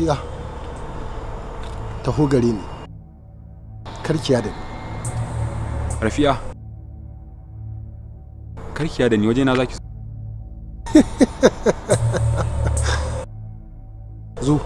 lafiya taho gare ni karkiya da ni rafiya karkiya da ni waje na zaki zo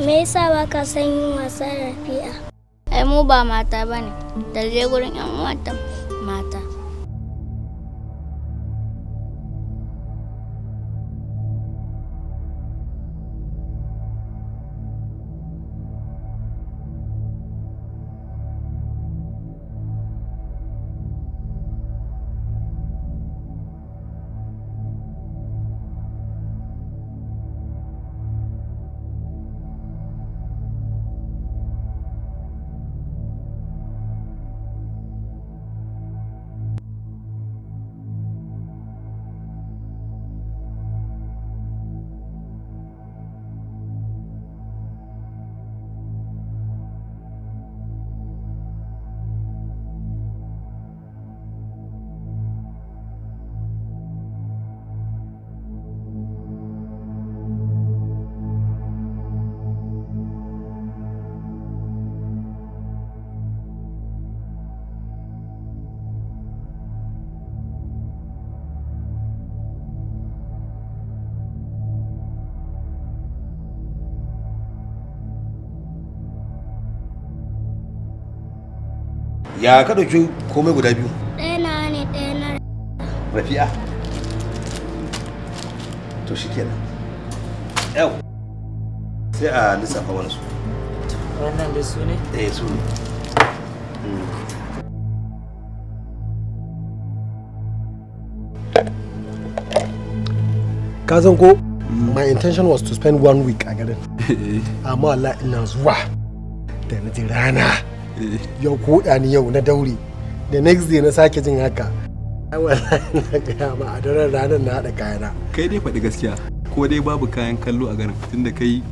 me yasa ba ka son yin wasa Rafi'a? Ai mu ba mata ne da je gurin 'yan mata. ya ka ɗauki komai guda biyu ɗaya na ne ɗaya na rafi'a to shi kenan yau sai a lissafa wani su wannan da su ne? eh su ne hmm. ka san ko my intention was to spend one week a garden amma Allah ina zuwa da na rana Eh. yau koda ni yau na daure da next day na sake jin haka wallahi na gaya ba a daren ranar na haɗa kayana kai dai faɗi gaskiya ko dai babu kayan kallo a garin tunda kai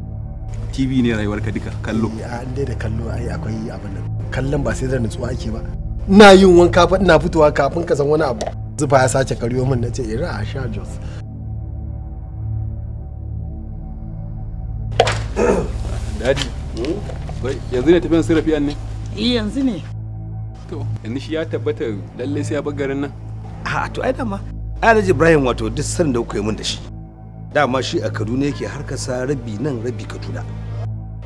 tv ne rayuwarka duka kallo eh, a dai da kallo ai akwai abin nan kallon ba sai da nutsuwa ake ba ina yin wanka fa ina fitowa kafin ka san wani abu zufa ya sace karyo min nace ira a sha jos dadi yanzu ne tafiyan sirafiyan ne Eh, yanzu ne to yanzu shi ya tabbata lalle sai ya bar garin nan a to ai dama alhaji ibrahim wato duk sanin da kuka yi mun da shi dama shi a kaduna yake harkarsa rabi nan rabi kaduna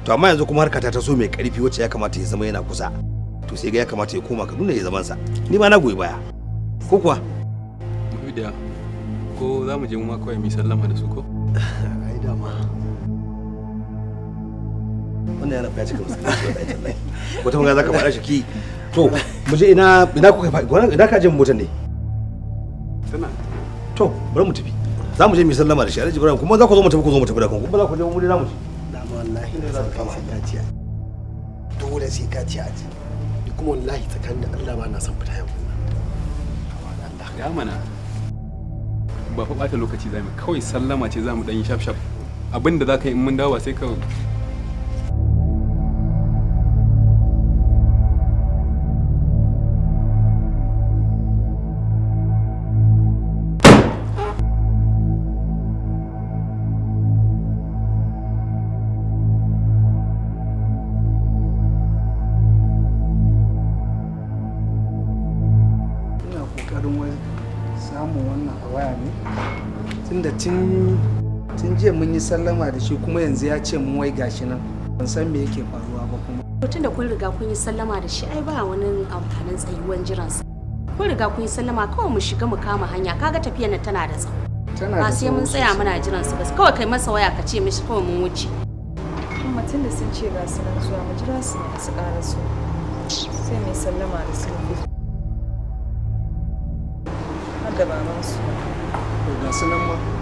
to amma yanzu kuma harkata ta so mai karfi wacce ya kamata ya zama yana kusa to sai ga ya kamata ya koma kaduna ya zamansa ni ma na goyi baya ko kuwa ko za mu je mu ma kawai mu sallama da su ko wannan yana ya cika musulunci wata shi ki to mu je ina ina kuka fa gwanan ina ka je motar ne tana to bari mu tafi za mu je mu sallama da shi alhaji ibrahim kuma za ku zo mu tafi ku zo mu tafi da kuma za ku je mu za mu ci wallahi ne za ka ka ci dole sai ka ci a ji kuma wallahi tsakanin da Allah ba na fita yau mana ba fa bata lokaci kawai sallama ce zamu dan yi shaf shaf abinda yi in mun dawo sai ka tun jiya mun yi sallama da shi kuma yanzu ya ce mun wai gashi nan ban san me yake faruwa ba kuma tun da kun riga kun yi sallama da shi ai ba wani amfanin tsayuwan sa kun riga kun yi sallama kawai mu shiga mu kama hanya kaga tafiyar nan tana da tsawo ba sai mun tsaya muna jiran su kawai kai masa waya ka ce mishi kawai mun wuce kuma tun da sun ce ga su nan zuwa mu jira su ne su ƙara su sai mai sallama da su har da su ga su nan ma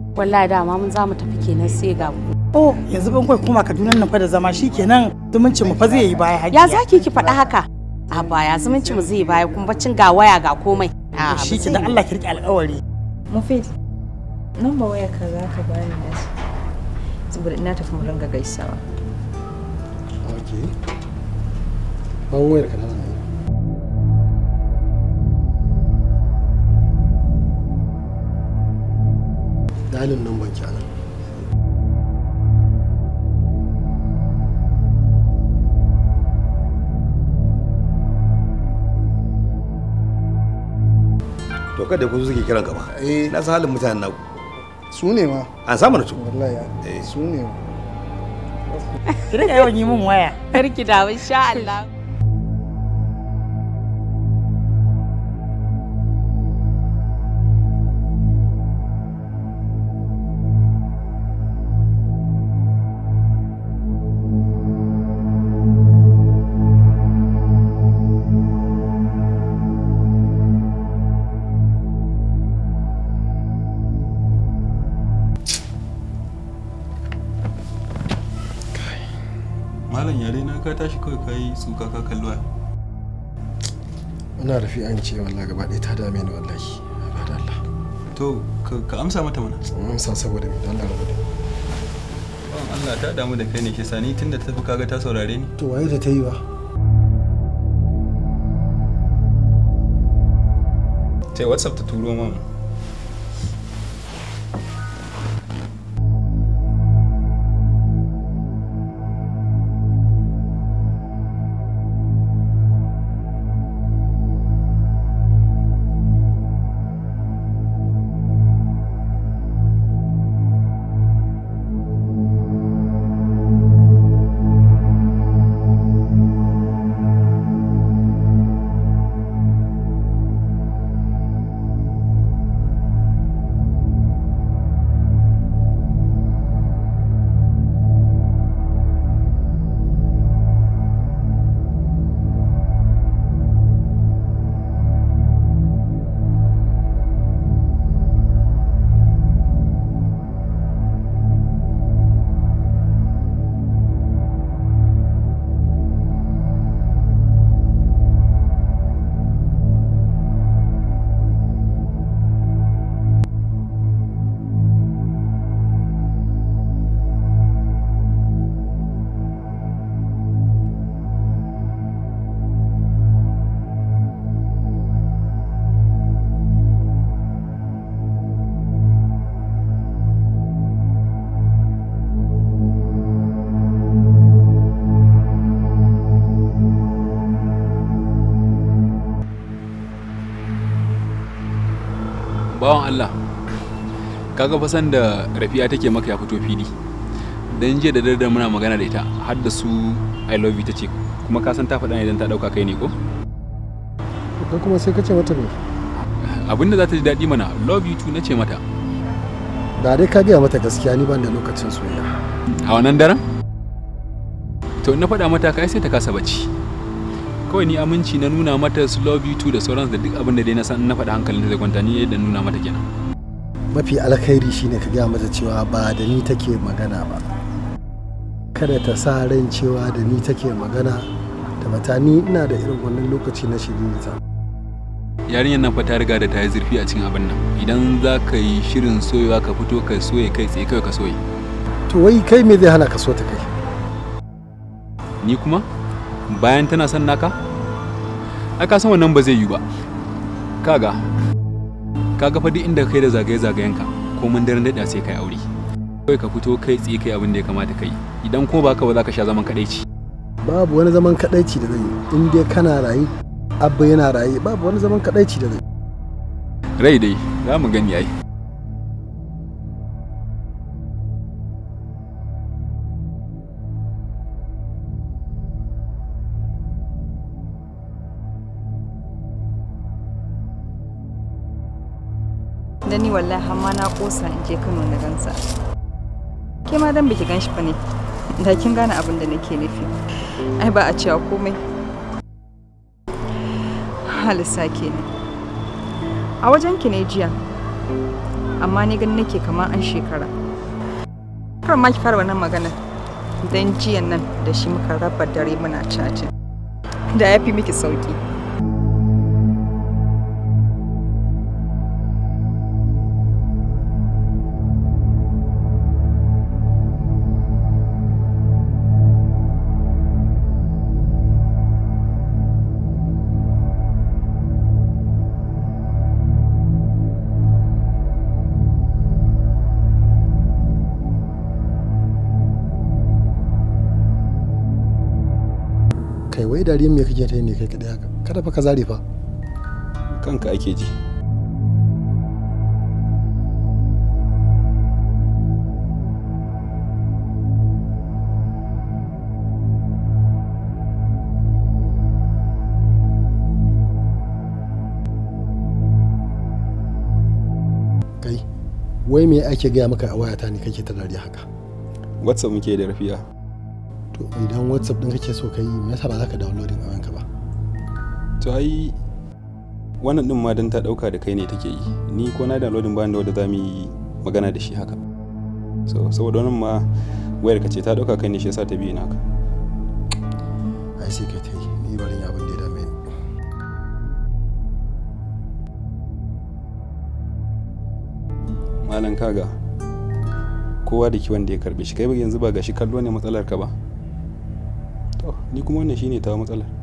wallahi dama mun za mu tafi kenan sai ga ku oh yanzu ban kai kuma Kaduna nan fa da zama shikenan zumunci mu fa zai yi baya hajiya ya zaki ki faɗa haka a baya zumunci mu zai yi baya kun baccin ga waya ga komai a shi ki dan Allah ki rike alƙawari Mufid nan ba waya ka za ka bani da shi saboda ina tafi mu ranga gaisawa okay ban wayar ka nan dalin nan banki anan to kada ku suke kiran gaba eh na san halin mutanen naku su ne ma an samu na wallahi eh su ne ma ki rika yawan yi mun waya karki da insha Allah malam yare na ka tashi kawai ka yi tsuka ka kalluwa ina rafi an ce wallahi gaba ɗaya ta dame ni wallahi ba da Allah to ka amsa mata mana an amsa saboda me Allah rabu da ban Allah ta damu da kai ne ke sani tunda ta tafi kaga ta saurare ni to waye ta yi wa sai whatsapp ta turo mamu bawan Allah kaga fa san da rafi'a take maka ya fito fili dan je da daddare muna magana da ita har da su I love you tace kuma ka san ta faɗa ne dan ta dauka kai ne ko kai kuma sai ka ce mata me abinda za ta ji daɗi mana love you too nace mata da dai ka gaya mata gaskiya ni ban da lokacin soyayya a wannan daren to na faɗa mata kai sai ta kasa bacci kawai ni aminci na nuna mata su love you too da sauransu da duk abin da dai na san na faɗa hankalin zai kwanta ni da nuna mata kenan mafi alkhairi shine ka gaya mata cewa ba da ni take magana ba kada ta sa ran cewa da ni take magana da mata ni ina da irin wannan lokaci na shirin ta yarinyar nan fa ta riga da ta yi zurfi a cikin abin nan idan za ka yi shirin soyewa ka fito ka soye kai tsaye kawai ka soye to wai kai me zai hana ka so ta kai ni kuma bayan tana son naka ai ka san wannan ba zai yi ba kaga kaga fa duk inda kai da zagaye zagayen ka ko mun daren daɗa sai kai aure kai ka fito kai tsi kai abin da ya kamata kai idan ko baka ba za ka sha zaman kadaici babu wani zaman kadaici da zai in dai kana rayi abba yana rayi babu wani zaman kadaici da zai rai dai za mu gani ai Hausa in je Kano na gansa. Ke ma dan biki ganshi ba ne. Da kin gane abin da nake nufi. Ai ba a cewa komai. ke ne. A wajen ki ne jiya. Amma ni gan nake kamar an shekara. Kar ma ki fara wannan magana. Dan jiyan nan da shi muka raba dare muna cacin. Da ya fi miki sauki. wai dariyan me kake ta yi ne kai kaɗai haka kada fa ka zare fa kanka ake ji kai wai me ake gaya maka a wayata ne kake ta dariya haka whatsapp muke da rafiya to idan whatsapp din kake so ka yi me yasa ba za ka downloadin a wanka ba to ai wannan din ma dan ta dauka da kai ne take yi ni ko na downloadin ba da wanda za mu yi magana da shi haka so saboda wannan ma wayar ka ce ta dauka kai ne shi yasa ta bi naka ai sai ka ta yi ni barin abin da ya dame malam kaga kowa da ki wanda ya karbe shi kai yanzu ba ga shi kallo ne matsalar ka ba Oh, ni kuma wannan shine tawa matsalar.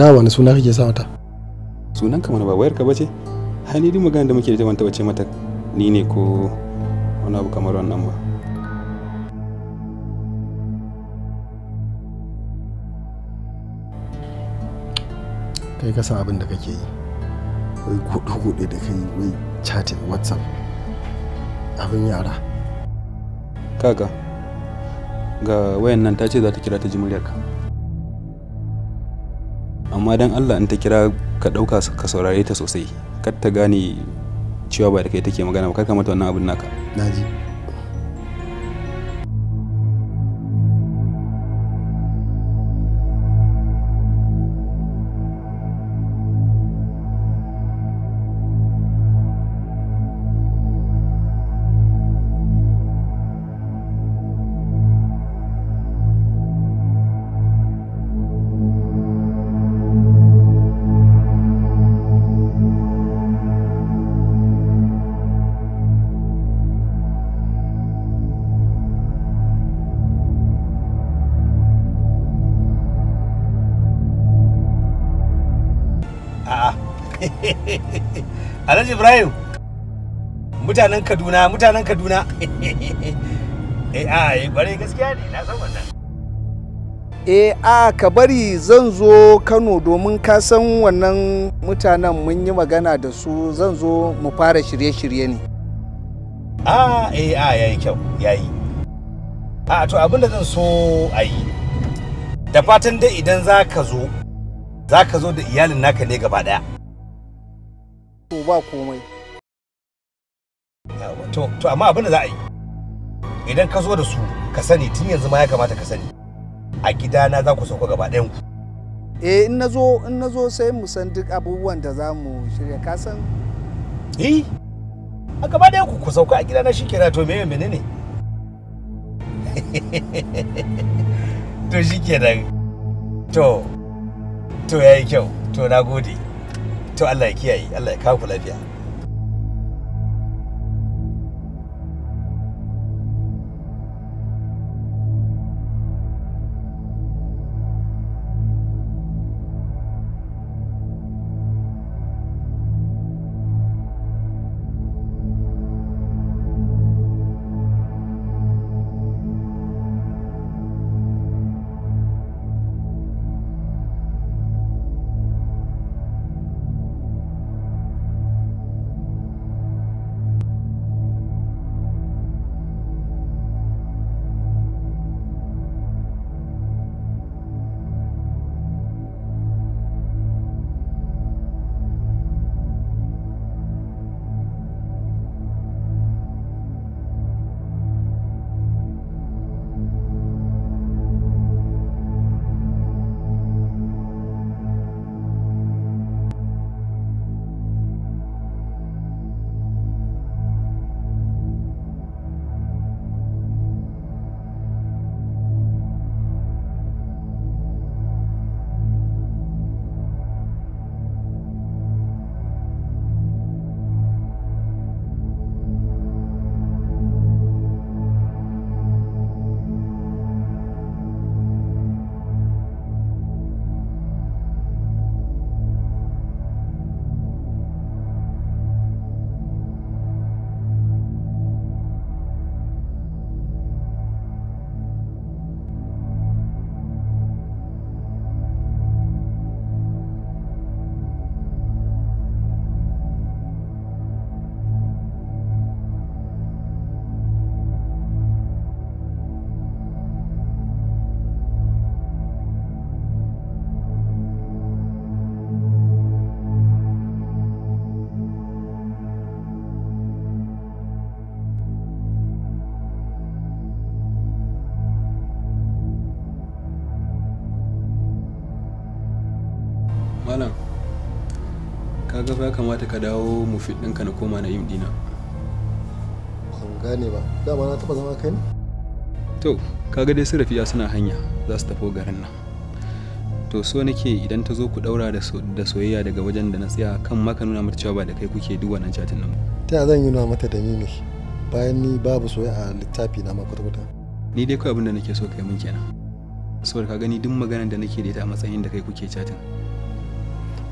da wani suna kake sa mata sunan kamar ba wayar ka bace hali duk magana da muke da ita ban taba ce mata ni ne ko wani abu kamar wannan ba kai ka san abin da kake yi wai kudu-kudu da kai wai chatting whatsapp abin yara kaga ga wayan nan ta ce za ta kira ta ji muryarka amma dan Allah in ta kira ka ɗauka ka saurare ta sosai kar ta gane cewa ba da kai take magana ba kar ka mata wannan abin naka naji alhaji ibrahim mutanen kaduna mutanen kaduna eh a ah, eh bare gaskiya ne na san wannan eh a ka bari zan zo kano domin ka san wannan mutanen mun yi magana da su zan zo mu fara shirye-shirye ne a ah, eh a ah, yayi kyau yayi a to abinda zan so a yi da fatan dai idan za ka zo za ka zo da iyalin naka ne gaba daya to ba komai to amma abin da za a yi idan ka zo da su ka sani tun yanzu ma ya kamata ka sani a gidana za ku sauka gaba ɗayan ku eh in zo in zo sai mu san duk abubuwan da za mu shirya ka san eh a gaba ɗayan ku ku sauka a gidana shi kenan to meye menene to shi kenan to to yayi kyau to na gode to Allah ya kiyaye Allah ya kawo lafiya kaga ba kamata ka dawo mu fi ɗinka na koma na yin dina ban gane ba dama na taɓa zama kai ne to kaga dai ya suna hanya za su tafi garin nan to so nake idan ta zo ku ɗaura da soyayya daga wajen da na tsaya kan maka nuna mata cewa ba da kai kuke duk wannan chatin nan ta zan yi nuna mata da ni ne bayan ni babu soyayya a littafi na ma kwata ni dai kawai abin da nake so kai mun kenan saboda ka gani duk maganar da nake da ita a matsayin da kai kuke chatin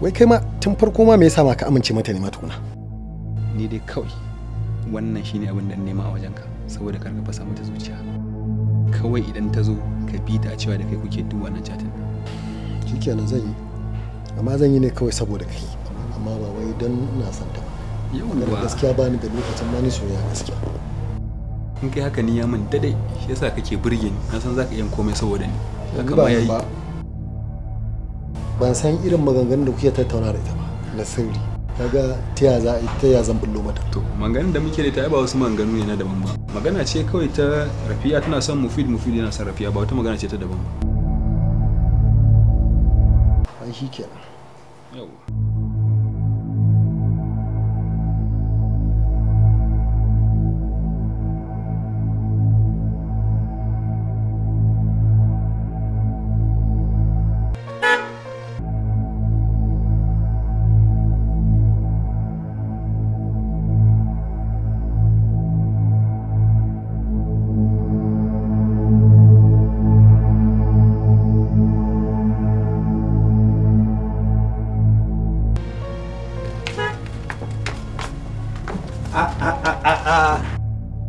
wai kai ma tun farko ma me yasa ma ka amince mata ne ma tukuna ni dai kawai wannan shine abin da nema a wajenka saboda karka fasa mata zuciya kawai idan ta zo ka bi ta cewa da kai kuke duk wannan chatin shikenan zan yi amma zan yi ne kawai saboda kai amma ba wai dan ina son ta ba gaskiya ba ni da lokacin ma ni soyayya gaskiya in kai haka ni ya min dadai shi yasa kake burge ni na san zaka yi komai saboda ni haka ma ban san irin maganganun da kuke tattauna da ita ba na sirri kaga tiya za ta ya zan bullo mata to maganganun da muke da ita ba wasu maganganu ne na daban ba magana ce kawai ta rafiya tana son mufid mufid yana son rafiya ba wata magana ce ta daban ba ai kenan yawa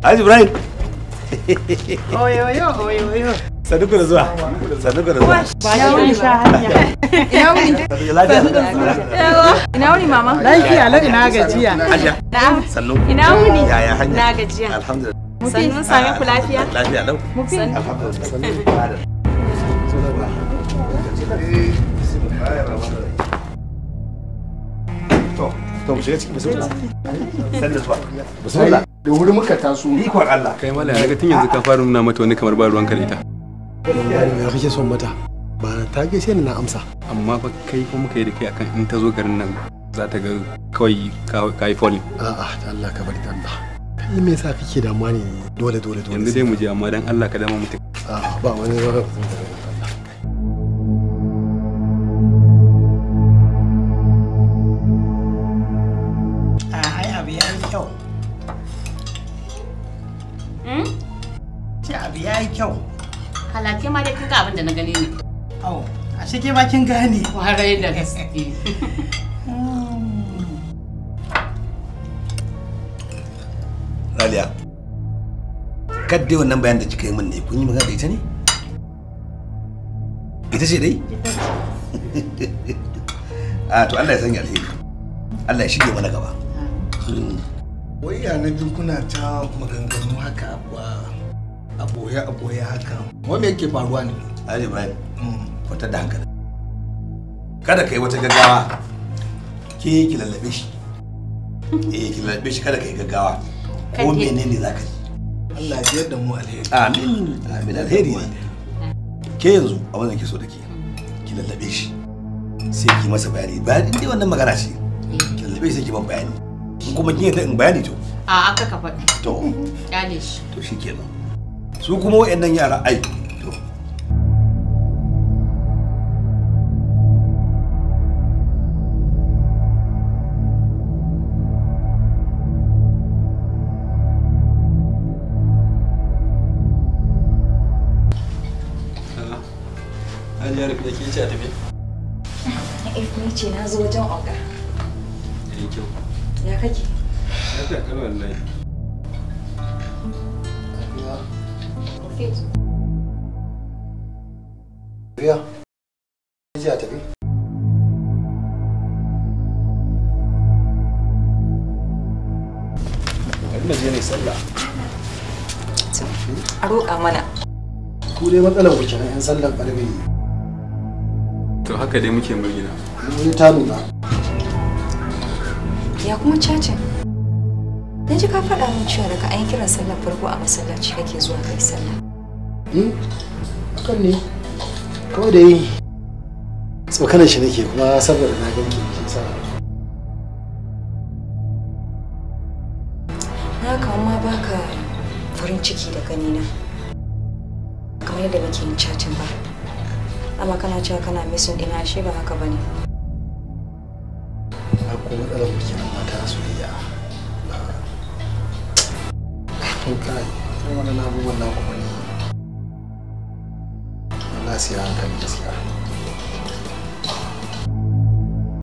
Haji Ibrahim. Oyo oyo oyo oyo. Sanuku da zuwa. Sanuku da zuwa. Ba ya wuni hanya. Ina wuni. Ina wuni mama. Lafiya lau ina gajiya. Na'am. Sannu. Ina wuni. hanya. Na gajiya. Alhamdulillah. Mutum mun same ku lafiya? Lafiya lau. Mutum. Alhamdulillah. To, to mu shiga cikin Sannu zuwa. da wuri muka taso ikon Allah kai mala ya ga tun yanzu ka fara nuna mata wani kamar ba ruwan kare ta ya kake son mata ba ta gaishe ni na amsa amma fa kai fa muka yi da kai akan in ta zo garin nan za ta ga kawai ka yi a'a ta Allah ka bari ta Allah kai me yasa kake damuwa ne dole dole dole yanzu dai mu je amma dan Allah ka dama mutum a'a ba wani ba da na gani ne awo a shike ma kin gane kwarai da gaske Raliya, kadde wannan bayan da kika yi min ne kun yi magana da ita ne? Ita ce dai? A ah, to Allah ya sanya alheri. Allah ya shige mana gaba. Wai ya na ji kuna ta maganganu haka a boye a boye haka. Wa me yake faruwa ne? Ali Ibrahim, kwatar da hankali. Kada ka yi wata gaggawa, ke ki lallabe shi. Eh, ki lallabe shi kada ka yi gaggawa. Ko menene za ka yi? Allah biyar da mu alheri. Amin. Amin alheri ne. Ke yanzu a wannan kiso da ke, ki lallabe shi. Sai ki masa bayani. Bayani dai wannan magana ce. Ki lallabe shi sai ki ban bayani. In kuma kin yadda in bayani to. A'a ka faɗi. To. Kyale shi. To shikenan. Su kuma wa'annan yara ai ya da ke ci a tafi? Ifni eh, ce na zo wajen oga. Iri kyau. Ya kake? Ya ta kalwa wallahi. Riya. Ya tafi? Bari na je ne sallah. A roƙa mana. Ku dai matsalar ku kenan 'yan sallan ƙarfi. to haka dai muke murgina ni ta nuna ya kuma cacin na ji ka faɗa min cewa daga an kiran sallar farko a masallaci kake zuwa kai sallah hmm? hakan ne kawai dai. yi tsokanar shi nake kuma saboda na ganke shi sa na kawo ma baka farin ciki da ganina kamar yadda nake yin cacin ba amma kana cewa kana misin ɗina shi ba haka bane na ko matsalar kuke nan mata soyayya to kai irin wannan abubuwan na kuma ne na an hankali gaskiya